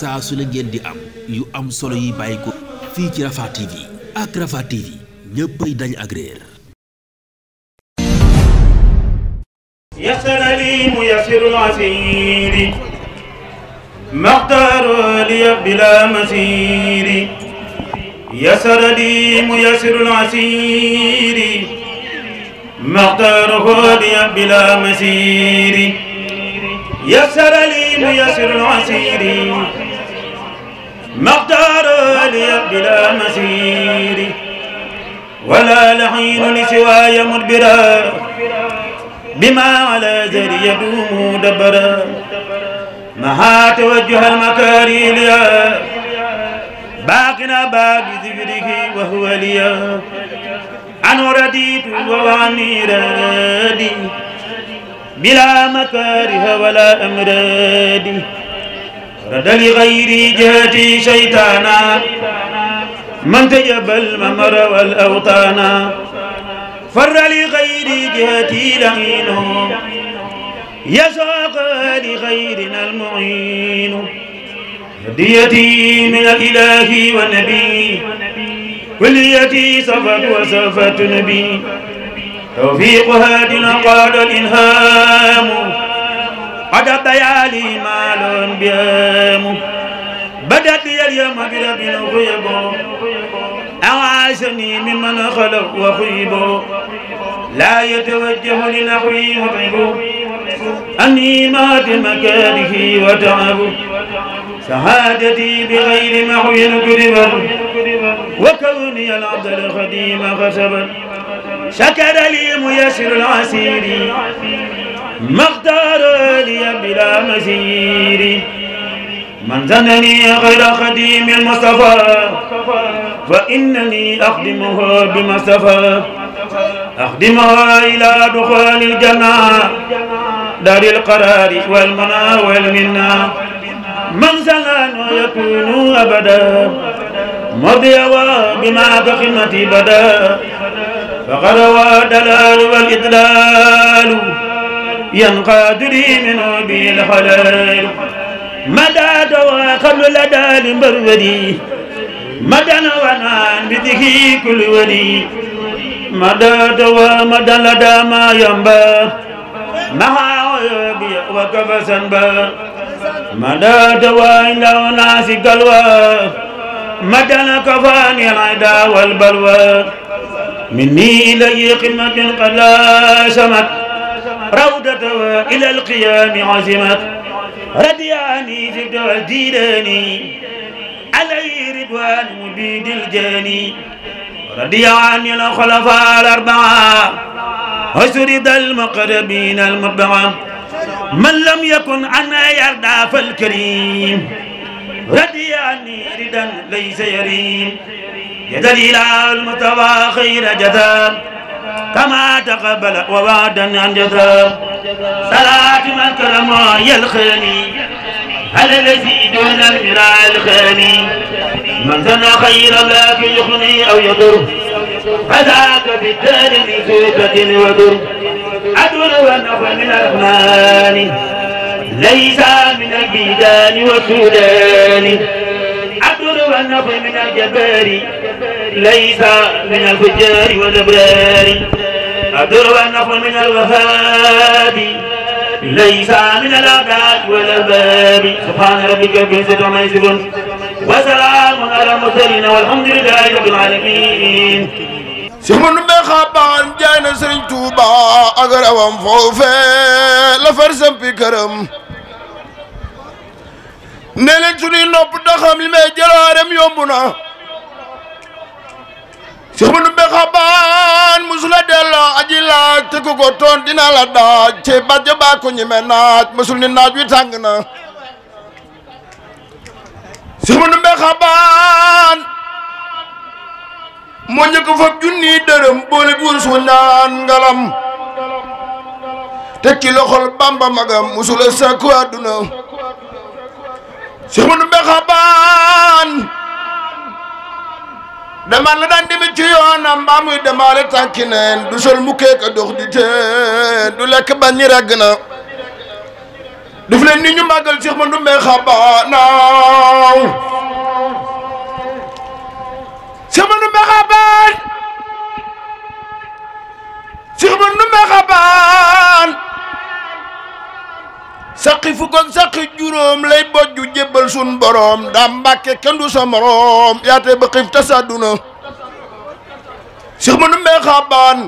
saa su ne ngeen di am yu am solo yi bàyyi ko fii ci Rafah TV ak Rafah TV ñëppay dañ ak réer يسر لي ميسر عسيري مقدار لي بلا مسير يسر لي ميسر العسير مقداره لي بلا مسير يسر لي ميسر العسير مختار لي بلا مسير ولا لحين لسواي مدبرا بما على زر يدوم دبرا مها توجه المكاري ليا باقنا باب ذكره وهو ليا أنا رديت وواني رادي بلا مكاره ولا أمرادي رد لغيري جهتي شيطانا من تجب الممر والأوطانا فر لغير جهتي لعينه يسوق لغيرنا المعين هديتي من الإله والنبي وليتي صفت وصفت نبي توفيق هادنا قال الإلهام قد بيا لي مال بيم بدت لي اليوم برب غيب أعاشني ممن خلق وخيب لا يتوجه لنحوي مطعب أني مات مكاره وتعب شهادتي بغير محو كذبا وكوني العبد الخديم خسبا شكر لي ميسر العسير مختار لي بلا مزير من زنني غير خديم المصطفى فإنني أخدمه بمصطفى أخدمه إلى دخول الجنة دار القرار والمنى والمنى من زلان يكون أبدا مضي بما كخدمتي بدا فقد دلال والإدلال ينقاد لي منه بالحلال مدى دوا قبل لدى المرودي مدى ونان بذكي كل ولي مدى دوا مدى لدى ما ينبى مها ويبي وكفى سنبى مدى دوا عند وناس قلوى مدى كفاني العدا والبلوى مني إلي قمة قد لا شمت روضة إلى القيام عزمت ردياني في ديداني علي رضوان مبيد الجاني ردياني الخلفاء الأربعة وسرد المقربين المبعة من لم يكن أنا يرضى فالكريم ردياني ردا ليس يريم جد الإله المتوى خير جذاب كما تقبل ووعدا عن جزاء صلاة من كرم يلخني هل الذي دون المراء الخاني من سنى خير ذاك يغني أو يضر فذاك بالدار نسوكة وضر أدر ونفى من الرحمن ليس من البيدان والسودان والنفع من الجبار ليس من الفجار والابرار الضر والنفع من الوهاب ليس من الابداد والاباب سبحان ربك رب العزه عما يصفون وسلام على المرسلين والحمد لله رب العالمين si mun be xabaan jaay na sëriñ Tuuba ak rawam foofee la far sampi këram ne leen suñuy nopp li may jëlaarem yomb na Cheikh Madou Mbe xabaan musula aji laaj te ku dina la daaj te bàjj baa ñeme naaj masul ni naaj wi tàng na Cheikh Madou Mbe xabaan moo njëkk fab junni dërëm boole buur su ñaan ngalam te ki loxol Bamba magam musula sàkku àdduna Cheikh Modou Mbéxa Baan demaan la daan ci yoonam mbaa muy demaale tànki neen du sol mu keek a dox du lekk bañ ñi na daf leen ni ñu màggal Cheikh Modou Mbéxa Baanaaw Cheikh Modou Mbéxa Baan Cheikh Modou Mbéxa Baan saqi fukk ak saqi juróom lay bojju jébbal sun boroom daa mbàkke kenn du sa moroom yaate ba xiif tasadduna Cheikh Manu Mbay Xabaan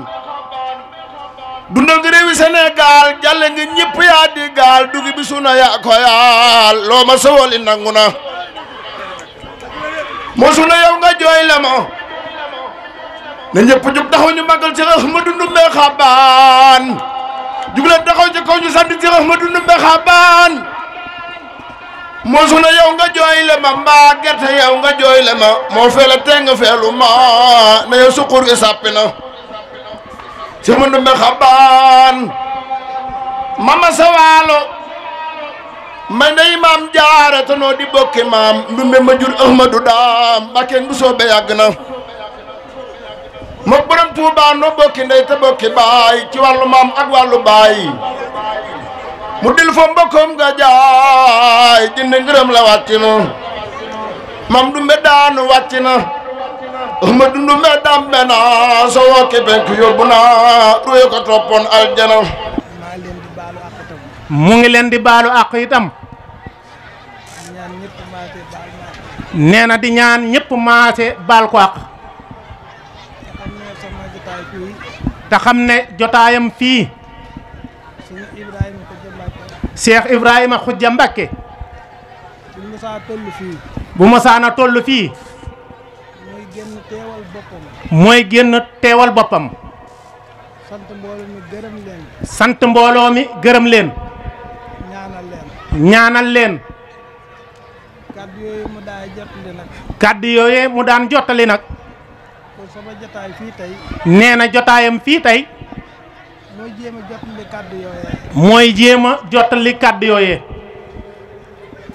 dundal nga réewi Sénégal jàlle nga ñëpp yaa di gaal dugi bi suna yaa ko yaal loo ma sawol i nangu na moo suna yow nga jooy la ma na ñëpp jug taxaw ñu màggal Cheikh Ahmadou Ndoumbe Xabaan jugleen taxaw ci kaw ñu sant ci Ahmadu Ndumbe Xabaan moo suna yow nga jooy ma mbaa gerte yow nga jooy ma moo feela tee nga feelu ma na yow suqur gi sàppi na si ma Ndumbe Xabaan mama sa waalo ma ndey maam jaare te di bokki maam Ndumbe ma jur Ahmadu daam Mbàkke bu soobee yàgg na sëriñ Touba noo ndey te bokki baay ci wàllu maam ak wàllu baay mu dil fa mbokkoom nga jaay la wàcc na mam dumbe daanu wàcc na ma dundumbe dambe na soo wokki bekk yóbbu na ruye ko toppoon aljana mu ngi leen di baalu àq itam nee di ñaan ñëpp maase baal ko àq te xam ne jotaayam fii Cheikh Ibrahima Khoudia Mbacké bu mosaa toll fii bu mosaana toll fii mooy génn teewal boppam mooy sant mbooloo mi gërëm leen sant mbooloo mi gërëm leen ñaanal leen ñaanal leen kàddu mu daan jottali nag kàddu mu daan jottali nag sama jotaay fii tey. nee na jotaayam fii tay mooy jéem a jottali kàddu mooy jéem a jottali kàddu yooyee.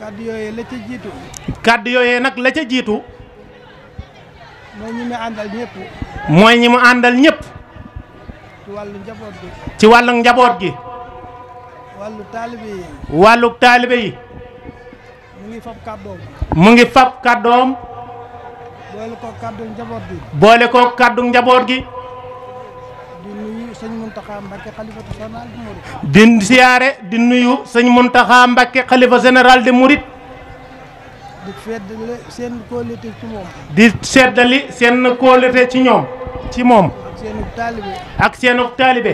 kàddu yooyee la ca nag la ca jiitu. mooy ñi mu àndal ñëpp. mooy ñi mu àndal ñëpp. ci wàllu njaboot gi. ci wàllu taalibe yi. wàllu taalibe yi. mu ngi fab kàddoom. mu ngi fab kàddoom. boole ko kàddu njaboot gi. boole ko kàddu njaboot gi. di nuyu sëñ Mountakha Mbacké xalifa général di siyaare di sëñ Mountakha Mbacké général de Mouride. seddali seen kóolute ci seddali seen kóolute ci ñoom ci moom. ak seenug taalibe. ak seenug taalibe.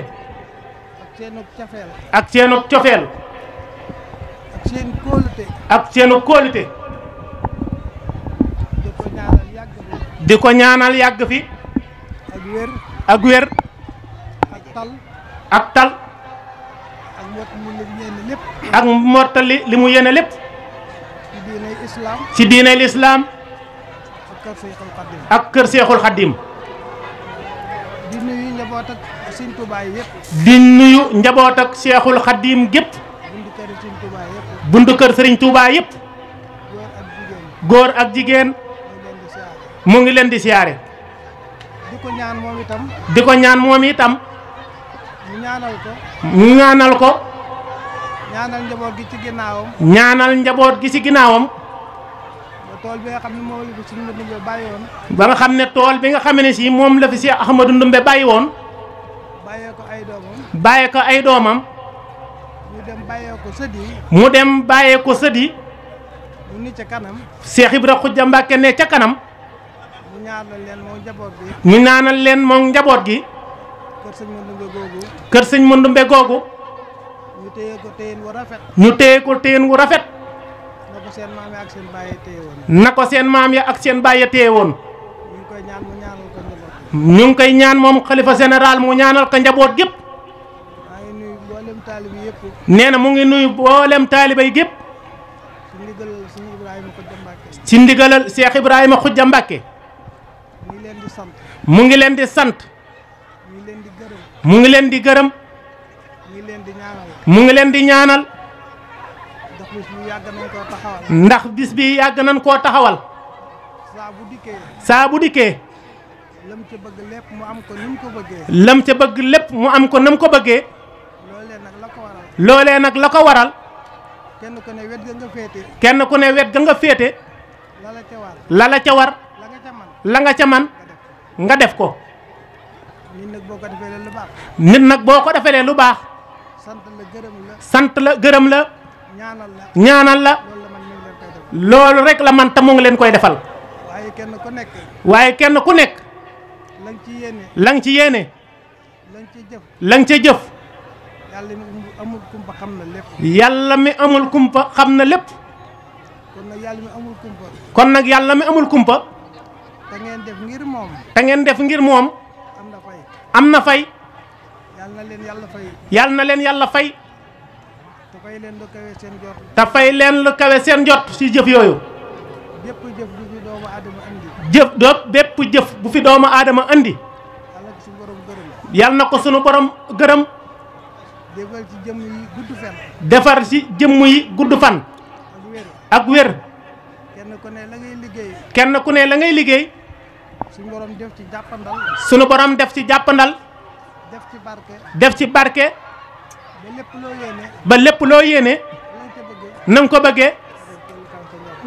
cofeel. ak seenug cofeel. ak seen kóolute. di ko ñaanal yàgg fi ak wér ak wér ak tal ak tal ak mottali li mu yéene lépp ci diinay lislaam ak kër seexul xaddim di nuyu njaboot ak seexul xaddim gépp buntu kër sëriñ Tuubaa yépp góor ak jigéen mu ngi leen di siyaare. di ko ñaan moom itam. di ko ñaan moom itam. ñu ñaanal ko. ñaanal ko. ñaanal njaboot gi ci ginnaawam. ñaanal njaboot gi ci ginnaawam. ba bi nga xam ne moom la woon. ba nga xam ne tool bi nga xam ne si moom la fi si Ahmadou Ndumbe bàyyi woon. bàyyee ko ay doomam. bàyyee ko ay doomam. mu dem bàyyee ko sëd mu dem bàyyee ko sëd yi. mu ni ca kanam. Cheikh Ibrahima Khoudia Mbacke ne ca kanam. ñaanal leen moom njaboot gi. ñu ñaanal leen moom njaboot gi. kër sëñ Mandumbe googu. kër sëñ Mandumbe googu. ñu téye ko rafet. ñu téye ko téyen wu rafet. na ko seen maam ya ak seen baay ya téye woon. na ngi koy ñaan moom xalifa général mu ñaanal ko njaboot gépp. nee na mu ngi nuyu mboolem taalibe yëpp. ci ndigalal ndigalal Cheikh Ibrahima Khoudia Mbacke. di sant. mu ngi leen di sant. mu ngi leen di gërëm. mu ngi leen di gërëm. mu ngi leen di ñaanal. mu ngi leen di ñaanal. ndax bis bi yàgg nañ koo taxawal. ndax bis bi yàgg nañ koo taxawal. saa bu dikkee. saa bu dikkee. lam ca bëgg lépp mu am ko ni ko bëggee. lam ca bëgg lépp mu am ko na ko bëggee. loolee nag la ko waral. loolee nag la ko waral. kenn ku ne wet ga nga féete. kenn ku ne wet ga nga féete. la la ca war. ca war. la nga ca man. la nga ca man. nga def ko. nit nag boo ko defee lu baax. nag boo ko defee lu baax. sant la gërëm la. sant la gërëm la. ñaanal la ñaanal la. loolu rek la man tam leen koy defal. waaye kenn ku nekk. waaye kenn ku nekk. la ci yéene. la ci yéene. la nga ci jëf. la jëf. yàlla mi amul kumpa xam na lépp. mi amul kumpa xam na lépp. kon nag yàlla amul kumpa. kon nag yàlla mi amul kumpa. te ngeen def ngir moom. te ngeen def ngir moom. am na fay. na fay. yal na leen yàlla fay. yal na leen yàlla fay. te fay leen lu kawe seen jot. te fay leen lu kawe seen jot si jëf yooyu. bépp jëf bu fi doomu aadama andi. jëf doot bépp jëf bu fi doomu aadama andi. yal na ko sunu borom gërëm. defar ci jëmm yi gudd fan. jëmm yi gudd fan. ak wér. ne la ngay liggéey. kenn ku ne la ngay liggéey. suñu borom def ci jàppandal. suñu borom def ci jàppandal. def ci barke. def ci barke. ba lépp loo yéene. ba ko bëggee.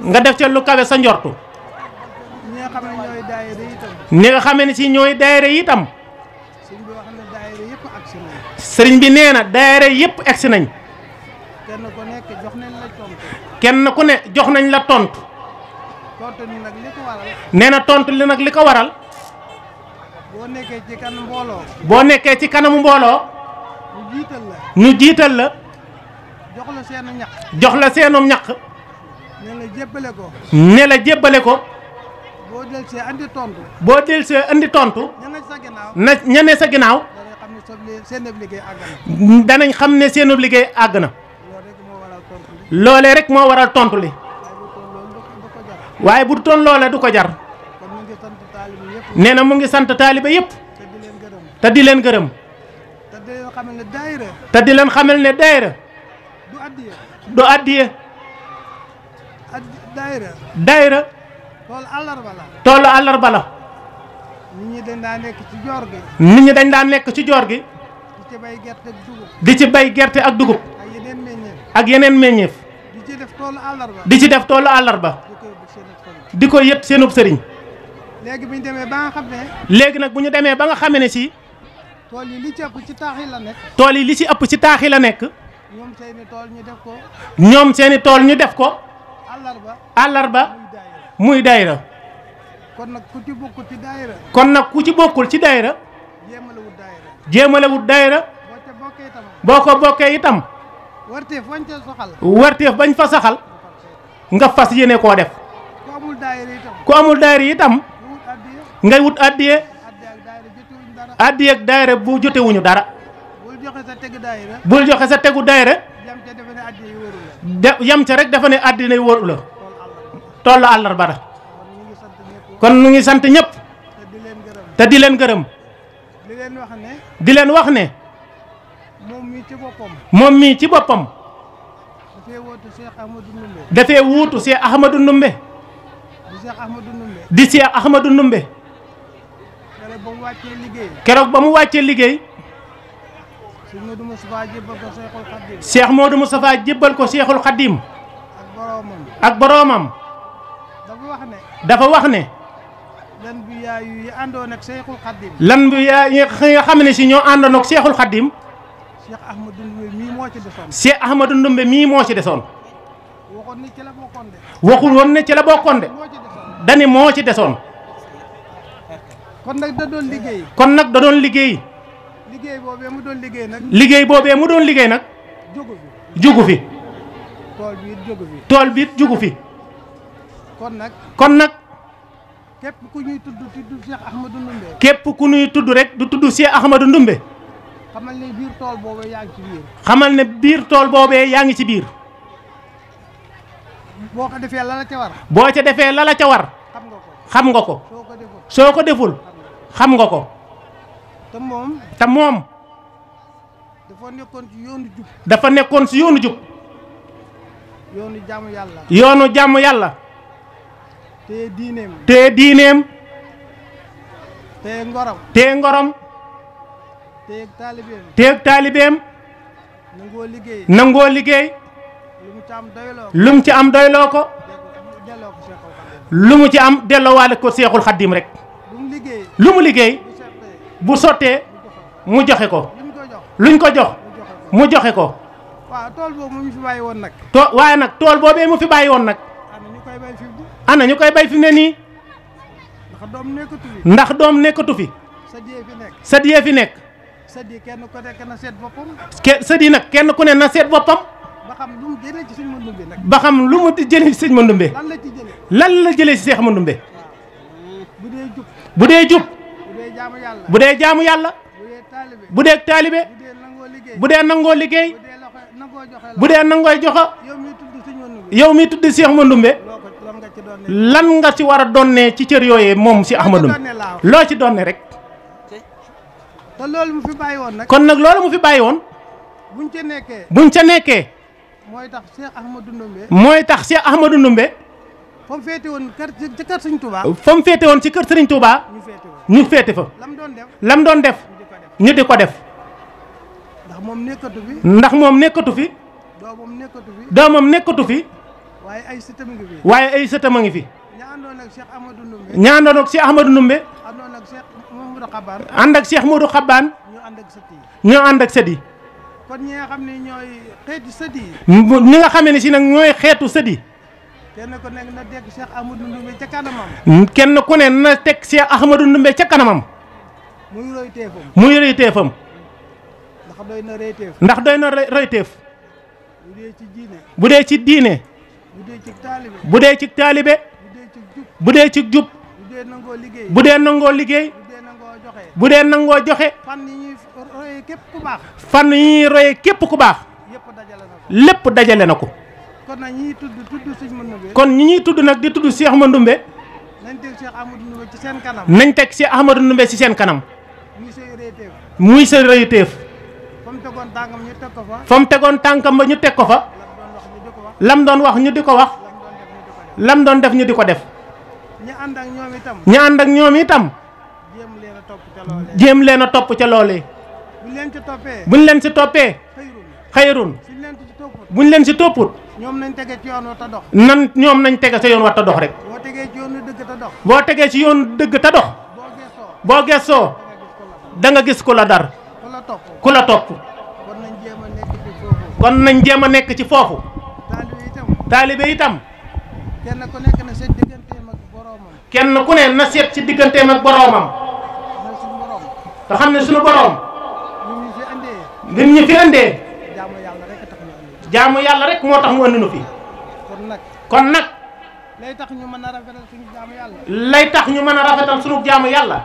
nga def ca lu kawe sa njortu. ñi nga xam ne ñooy daayira ñooy daayira itam. sëriñ bi wax na yëpp agsi nañ. sëriñ bi nee na daayira yëpp agsi nañ. kenn ku ku ne jox nañ la tontu. nee na tontu li nag li ko waral. boo nekkee ci mbooloo. boo nekkee ci kanamu mbooloo. ñu jiital la. ñu jiital la. jox la seenu ñaq. jox la seenum ñaq. ne la jébbale ko. ne la jébbale ko. boo delsee andi tontu. boo delsee andi tontu. ñane sa ginnaaw na ñane sa ginnaaw. danañ xam ne seenu liggéey àgg na. loolee rek moo waral tontu li. waaye bu toon loola du ko jar nee na mu ngi sant taaliba yëpp te di leen gërëm te di leen xamal ne daayira du addiye daayira toolu àllarba la nit ñi dañ daa nekk ci joor gi ñi dañ daa nekk ci joor gi di ci bay gerte ak dugub ak yeneen meññeef di ci def toolu àllarba di ko yët seenub sëriñ. léegi bu ñu demee ba nga ne. léegi nag bu ñu demee ba nga xamee ne si. tool yi li ci ëpp ci taax yi la nekk. tool yi li ci ëpp ci taax yi la nekk. ñoom seeni tool ñu def ko. ñoom seeni tool ñu def ko. àllarba àllarba muy daayira. kon nag ku ci bokkul kon nag ku ci bokkul ci daayira. jéemalewut jéemalewut daayira. boo ca boo ko bokkee itam. warteef bañ fa saxal. warteef bañ fa saxal. nga fas yéene koo def. ku amul daayira itam ngay wut addiye addiye ak daayira bu jotewuñu dara bul joxe sa tegu daayira yam ca rek dafa ne àddina yu wóoru la tollu àllarba la kon nu ngi sant ñëpp te di leen gërëm di leen wax ne moom mii ci boppam dafee wuutu Cheikh Ahmadou Ndoumbé di Cheikh Ahmadou Ndumbe keroog ba mu wàccee liggéey keroog ba mu wàccee liggéey Cheikh Modou Moustapha jébbal ko Cheikhul Khadim ak boroomam dafa wax ne dafa wax ne lan bu yaa yi àndoon ak Cheikhul Khadim lan bu yaa yi xam ne si ñoo àndoon ak Cheikhul Khadim Cheikh Ahmadou Ndumbe mii moo ci de waxul woon ne ci la de dane moo ci desoon kon nag da doon liggéey kon nag da doon liggéey liggéey boobee mu doon liggéey nag liggéey boobee mu doon liggéey nag jugu fi tool bi it fi tool bi it fi kon nag kon nag képp ku ñuy tudd tudd Cheikh Ahmadou Ndoumbé képp ku ñuy tudd rek du tudd Cheikh Ahmadou Ndoumbé xamal ne biir yaa ngi ci biir xamal ne biir tool boobee yaa ngi ci biir boo ko defee la la ca boo ca defee la la ca war. xam nga ko soo ko deful xam nga ko. te moom te moom. dafa nekkoon ci yoonu jub. dafa nekkoon ci yoonu jub. yoonu jàmm yàlla. yoonu jàmm yàlla. te diineem. te diineem. te ngorom. te ngorom. teeg taalibeem. teeg taalibeem. liggéey. nangoo liggéey. lu mu ci am doyloo ko lu mu ci am dellowaale ko seexul xaddim rek lu mu liggéey bu sottee mu joxe ko luñ ko jox mu joxe ko. waaw tool boobu mu fi bàyyi woon nag. too waaye nag tool boobee mu fi bàyyi woon nag. ana ñu koy bay fi ne nii. ndax doom nekkatu fi. ndax doom nekkatu fi. sëdiyee fi nekk. sëdiyee nekk. sëdi kenn ku nekk na seet boppam. ke sëdi nag kenn ku ne na seet boppam. ba xam lu mu jëlee ci sëñ Mandoumbe nag. ba xam lu mu jëlee ci sëñ Mandoumbe. lan la ci jëlee. la jëlee Seex Mandoumbe. bu dee jub. bu dee jub. bu dee jaamu yàlla. bu dee jaamu yàlla. bu taalibe. bu dee nangoo liggéey. bu dee nangoo liggéey. bu dee nangooy joxe. yow mi tudd Seex ma Mandoumbe. lan nga ci war a donnee ci cër yooyee moom si ax ma Ahmadou loo ci donne rek. loolu mu woon nag. kon nag loolu mu fi bàyyi woon. buñ ca nekkee buñ ca nekkee. mooy tax Cheikh Ahmadou Ndoumbe. mooy tax Cheikh Ahmadou Ndoumbe. fa mu féete woon kër ci kër Serigne Touba. woon ci kër Serigne Touba. ñu féete fa. lam doon def lam doon def. ñu di ko def. ndax moom nekkatu fi. ndax moom nekkatu fi. doomam nekkatu fi. nekkatu fi. waaye ay sëtam fi. waaye ay sëtam a ngi fi. ñaandoon ak Cheikh Ahmadou Ndoumbe. ñaandoon ak Cheikh Ahmadou Ndoumbe. Xabaan. ànd ak Cheikh Modou Xabaan. ñoo ànd ak sët yi. yi. kon ñi nga xam ne ñooy xeetu sët yi. ñi nga xamee ne si nag ñooy xeetu sët yi. kenn ku nekk na teg Cheikh Ahmadou Ndoumbe ca kanamam. kenn ku ne na teg Cheikh Ahmadou Ndoumbe ca kanamam. muy roy teefam. muy roy teefam. ndax doy na roy ndax doy na roy bu dee ci diine. bu dee ci diine. bu taalibe. bu dee ci taalibe. dee ci jub. bu nangoo liggéey. bu dee nangoo liggéey. bu dee nangoo joxe fan yi ñuy royee képp ku baax fan yi ñuy képp ku baax lépp dajale na ko kon nag ñi ñuy tudd tudd Sëñ kon ñi tudd nag di tudd Cheikh Mandoumbe nañ teg Cheikh Ahmadou seen kanam nañ teg Cheikh Ahmadou Ndoumbe si seen kanam muy sa rëyu téef tegoon tànkam ñu teg ko fa fa mu tegoon tànkam ba ñu teg ko fa lam doon wax ñu di ko wax lam doon def ñu di ko def ñi ànd ak ñoom itam ñi ànd ak ñoom itam jéem leen a topp ca loole loolee. buñ leen ci toppee. buñ leen ci buñ leen ci topput. ñoom nañ tege ci yoon wa nan ñoom nañ tege sa yoon wa ta dox rek. boo tegee ci yoonu dëgg ta dox. boo tegee ci yoon dëgg ta dox. boo gëstoo. da nga gis ku la dar. ku la topp ku la topp. kon nañ jéem a nekk ci foofu. taalibe itam. kenn ku nekk na seet digganteem kenn ku ne na seet ci digganteem ak boroomam. te xam ne suñu boroom lim ñu fi andee jaamu yàlla rek moo tax mu andi nu fi kon nag lay tax ñu mën a rafetal suñu lay tax ñu mën a rafetal suñu jaamu yàlla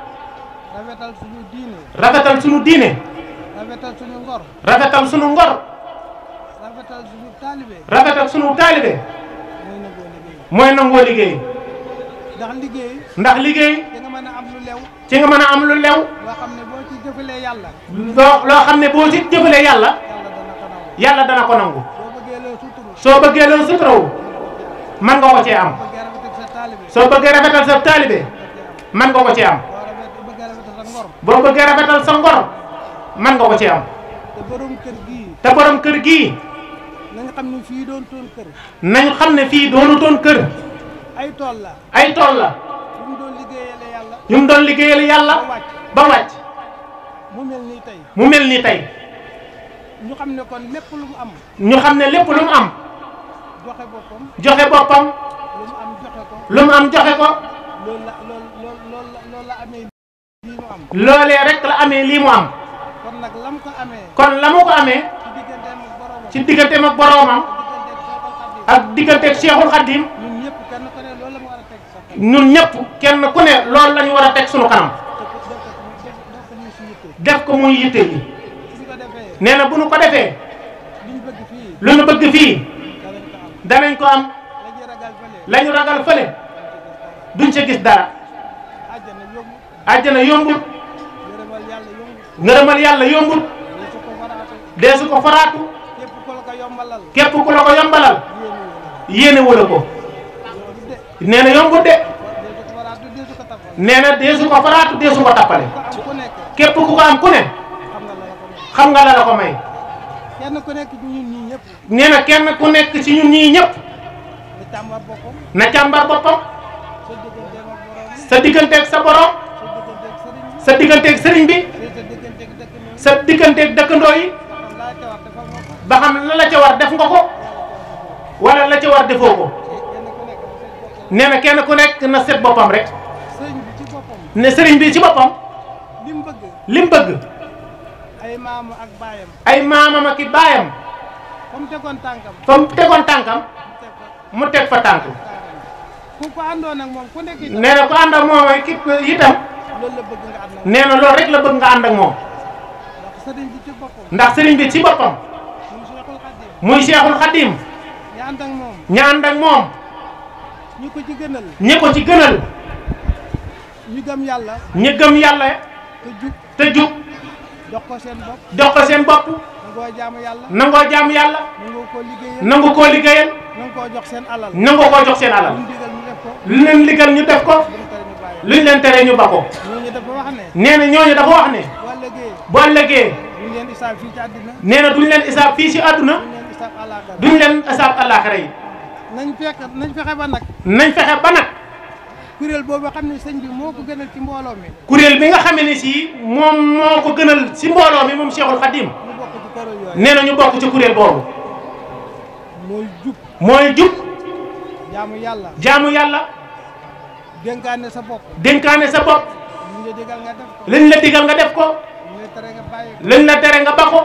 rafetal suñu diine rafetal suñu diine rafetal suñu ngor rafetal suñu ngor rafetal suñu taalibe rafetal suñu taalibe mooy liggéey ndax liggéey. ndax liggéey. ci nga mën a am lu lew. ci nga mën a am lu lew. loo xam ne boo ci jëfalee yàlla. loo xam ne boo ci jëfalee yàlla. yàlla dana ko nangu. soo bëggee loo suturaw man nga ko cee am. soo bëggee rafetal sa taalibe man nga ko cee am. boo bëggee rafetal sa ngor man nga ko cee am. te borom kër gii. te borom kër gii. nañ xam ne fii doonutoon kër. nañ xam ne fii doonutoon kër. ay tool la ay tool la doon liggéeyale yàlla yu doon liggéeyale yàlla ba wàcc mu mel nii tey mu mel tey ñu xam ne kon lépp lu am xam ne lépp lu mu joxe boppam joxe am joxe ko lu mu am joxe ko loolu la la amee lii loolee rek la amee lii mu am kon nag la mu ko amee kon la mu amee ci digganteem ak boroomam ak digganteeg Seexul Xaddim ñun ñépp kenn ku ne loolu lañu ñu war a teg sunu kanam def ko muy yitte yi nee na bu nu ko defee lu nu bëgg fii danañ ko am la ñu ragal fële duñ ca gis dara àjjana yombul ngërëmal yàlla yombul dee su ko faraatu képp ku la ko yombalal yéene wala ko nee na yombul de. nee na deesu ko faraatu deesu ko tappale képp ku ko am ku ne xam nga la la ko may nee na kenn ku nekk ci ñun ñii ñépp na càmbar boppam sa digganteeg sa borom sa digganteeg sëriñ bi sa digganteeg dëkkandoo yi ba xam la la ca war def nga ko wala la ca war defoo ko nee na kenn ku nekk na set boppam rek. ne sëriñ bi ci boppam. lim bëgg lim bëgg. ay maamam ak baayam. ay maamam ak baayam. fa mu tegoon tànkam. fa mu tànkam. mu teg fa tànk. ko àndoon ak moom ku nekk itam. nee na ku ànd ak moom itam. loolu la nee na loolu rek la bëgg nga ànd ak moom. ndax sëriñ bi ci boppam. ndax sëriñ bi muy Seexul Xadiim. ña ànd ànd ak moom. ñi ko ci gënal. ñi ko ci gënal. ñi gëm yàlla. ñu gëm yàlla. te jub te jub. dox ko seen bopp dox ko seen bopp. nangoo jaamu yàlla nangoo jaamu yàlla. nangoo koo liggéeyal nangu koo liggéeyal. nangu koo jox seen alal nangoo koo jox seen alal. lu leen ligal ñu def ko. luñ leen tere ñu ba ko. ñooñu dafa wax ne. nee na ñooñu dafa wax ne. boo ëllëgee. duñ leen isaab fii nee duñ leen isaab fii ci àdduna. duñ leen isaab àllaaxira yi. nañ fexe nañ fexe ba nag. nañ fexe ba nag. kuréel boobu xam ne sëñ bi moo ko gënal ci mbooloo mi. kuréel bi nga xam ne si moom moo ko gënal si mbooloo mi moom Cheikhul Khadim. nee na ñu bokk ca kuréel boobu. mooy jub mooy jub. jaamu yàlla jaamu yàlla. dénkaane sa bopp. dénkaane sa bopp. liñ la digal nga def ko la digal nga def ko. liñ la nga bàyyi ko liñ la tere nga ba ko.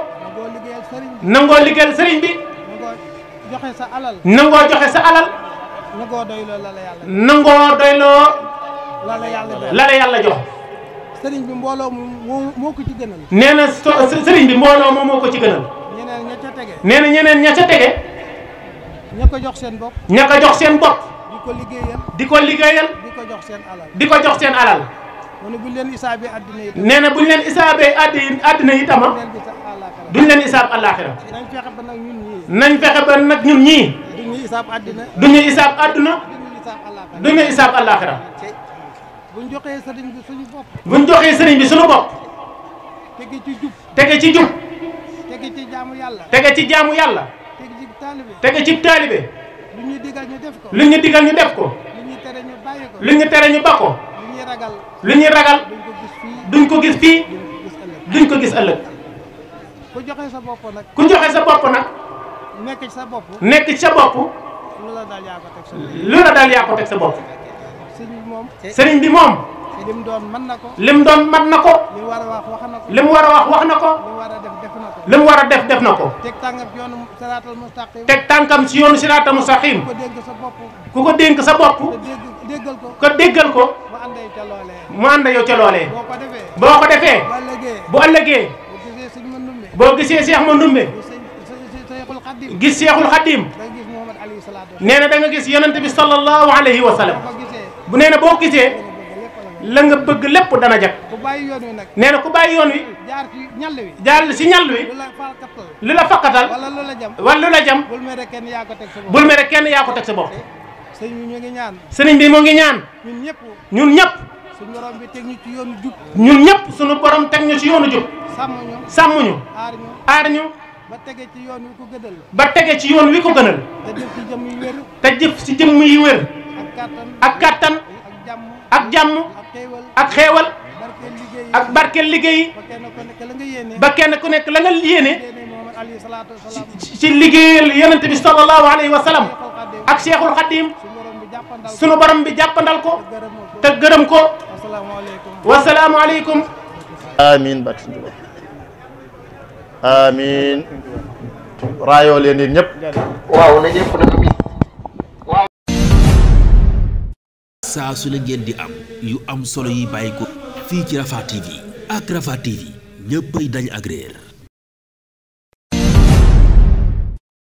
nangoo liggéeyal sëriñ bi. nangoo joxe sa alal. joxe sa alal. nangoo doyloo la la yàlla jox nangoo doyloo. la la yàlla la yàlla jox. sëriñ bi mbooloo moom moo ko ci gënal. nee na sëriñ bi mbooloo moom moo ko ci gënal. ñeneen ña ca tege. nee na ñeneen ña ca tege. ña ko jox seen bopp. ña ko jox seen bopp. di ko liggéeyal. di ko di ko jox seen alal. di ko jox seen alal. mu ne buñ leen isaabee àddina yi. nee na buñ leen isaabee àddina yi tama duñ leen isaab àllaaxira. nañ fexe ba nag ñun ñii. nañ fexe ba nag ñun ñii. isaab àddina duñu isaab àddina duñu isaab àllaaxira buñ joxee sëriñ bi suñu bopp buñ joxee sëriñ bi suñu bopp tege ci jub tege ci jub tege ci jaamu yàlla tege ci jaamu ci taalibe tege ci lu ñu digal ñu def ko lu ñu ñu def ko ñu tere ñu bàyyi ko lu ñu tere ñu ba ko lu ñuy ragal lu ñuy ko gis fii duñ ko gis ëllëg ku joxe sa bopp nag ku joxe sa bopp nag nekk ci sa bopp. nekk ci sa bopp. lu la dal yaa ko teg sa bopp. lu la sa bopp. sëriñ bi moom. sëriñ bi moom. lim doon mën na ko. lim doon mën na ko. lim war a wax wax na ko. lim war wax na ko. lim war a def def na ko. lim war a def def na ko. teg tànkam ci yoonu siraatal mustaqim. teg tànkam ci yoonu siraatal mustaqim. ku ko dénk sa bopp. ku ko dénk sa bopp. ko déggal ko. ko déggal ko. mu ànd yow ca loolee. mu ànd yow ca loolee. boo ko defee. boo ko defee. bu ëllëgee. boo gisee seex ma ndumbe. gis Seexul Xadim nee na da nga gis yonent bi sallallahu alayhi wa sallam bu nee na boo gisee la nga bëgg lépp dana jag nee na ku bàyyi yoon wi jaar si ñal wi lu la fakkatal wala lu la jam bul mere kenn yaa ko teg sa bopp sëriñ bi mu ngi ñaan ñun ñëpp suñu ci yoonu jub ñun ñëpp suñu borom teg ñu ci yoonu jub sàmm ñu aar ñu aar ñu ba tege ci yoon wi ko gënal. ba tege ci yoon wi ko gënal. te jëf ci jëmm yi wér. te jëf ci jëmm yi wér. ak kattan ak kattan. ak jàmm ak xeewal. ak barkeel liggéey ba kenn ku nekk la nga yéene ci liggéeyal yonent bi sallallahu alayhi wa sallam ak Cheikhul Khadim sunu borom bi jàppandal ko te gërëm ko wa wasalaamualeykum. amiin. amiin raayoo leen yéen ñëpp waaw saa su ne ngeen di am yu am solo yi bàyyi ko fii ci Rafah TV ak Rafah TV ñëppay dañ agréer